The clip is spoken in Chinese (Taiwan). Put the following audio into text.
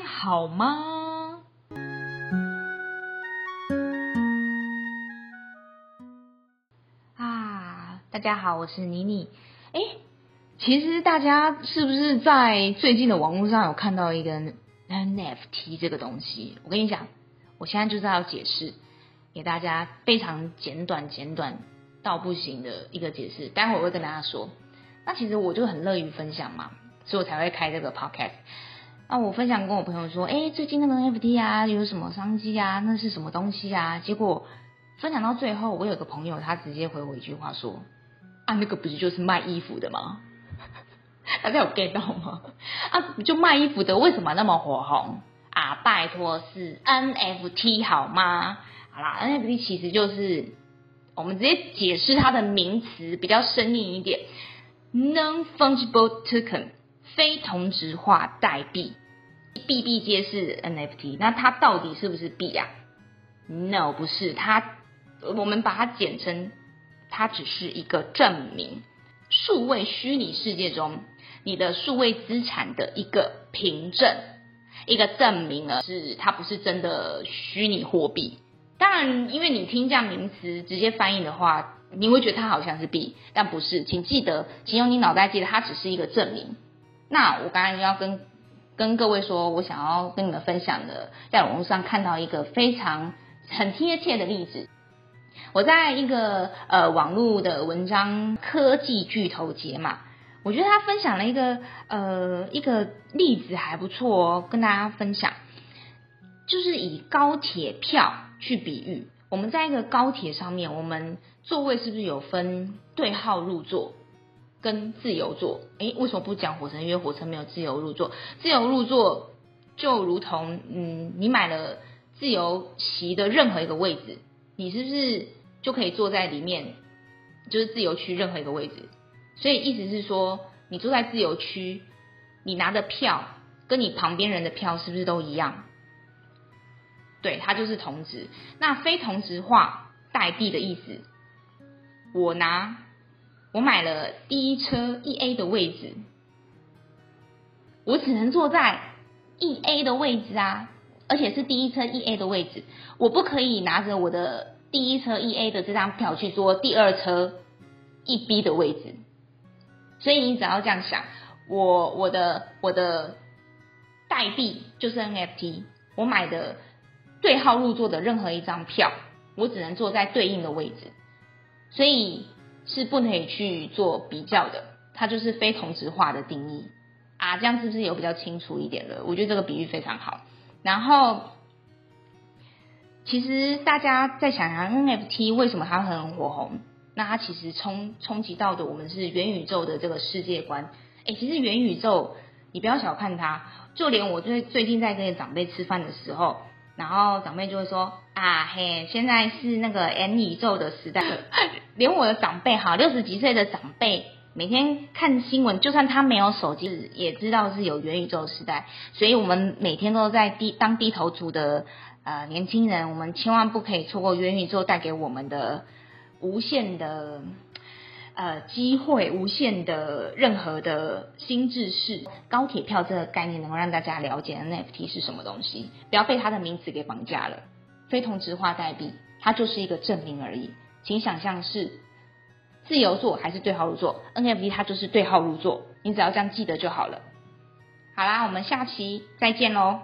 好嗎？啊，大家好，我是妮妮。誒，其實大家是不是在最近的網絡上有看到一個 NFT 這個東西？我跟你講，我現在就是要解釋給大家非常簡短、簡短到不行的一個解釋。待會我會跟大家說。那其實我就很樂於分享嘛，所以我才會開這個 podcast。那、啊、我分享跟我朋友說，哎，最近那個 NFT 啊，有什麼商機啊？那是什麼東西啊？結果分享到最後，我有個朋友他直接回我一句話說：“啊，那個不是就是賣衣服的嗎？大家有 get 到嗎？啊，就賣衣服的為什麼那麼火紅啊？拜託是 NFT 好嗎？好啦，NFT 其實就是我們直接解釋它的名詞比較生硬一點，Non-Fungible Token。”非同質化代幣，比比皆是 NFT。那它到底是不是幣啊？No，不是。它，我們把它簡稱，它只是一個證明，數位虛擬世界中你的數位資產的一個憑證，一個證明了是它不是真的虛擬貨幣。當然，因為你聽這樣名詞直接翻譯的話，你會覺得它好像是幣，但不是。請記得，請用你腦袋記得，它只是一個證明。那我剛才要跟跟各位說，我想要跟你們分享的，在網絡上看到一個非常很貼切的例子。我在一個呃網絡的文章《科技巨頭節》嘛，我覺得他分享了一個呃一個例子還不錯哦，跟大家分享，就是以高鐵票去比喻，我們在一個高鐵上面，我們座位是不是有分對號入座？跟自由座，哎，為什麼不講火車？因為火車沒有自由入座。自由入座就如同，嗯，你買了自由席的任何一個位置，你是不是就可以坐在裡面？就是自由區任何一個位置。所以意思是說，你坐在自由區，你拿的票跟你旁邊人的票是不是都一樣？對，它就是同質。那非同質化代幣的意思，我拿。我買了第一車 EA 的位置，我只能坐在 EA 的位置啊，而且是第一車 EA 的位置，我不可以拿着我的第一車 EA 的這張票去坐第二車 EB 的位置，所以你只要這樣想，我我的我的代幣就是 NFT，我買的對號入座的任何一張票，我只能坐在對應的位置，所以。是不可以去做比較的，它就是非同質化的定義啊，這樣是不是有比較清楚一點了？我覺得這個比喻非常好。然後，其實大家在想想 NFT 為什麼它很火紅，那它其實衝衝擊到的我們是元宇宙的這個世界觀。誒、欸，其實元宇宙你不要小看它，就連我最最近在跟長輩吃飯的時候，然後長輩就會說。啊嘿，現在是那個元宇宙的時代，連我的長輩哈，六十幾歲的長輩，每天看新聞，就算他沒有手機，也知道是有元宇宙時代。所以，我們每天都在低當低頭族的呃年輕人，我們千萬不可以錯過元宇宙帶給我們的無限的呃機會，無限的任何的新知識高鐵票這個概念，能夠讓大家了解 NFT 是什麼東西，不要被它的名字給綁架了。非同質化代幣，它就是一個證明而已。請想象是自由座還是對號入座？NFT 它就是對號入座，你只要這樣記得就好了。好啦，我們下期再見嘍。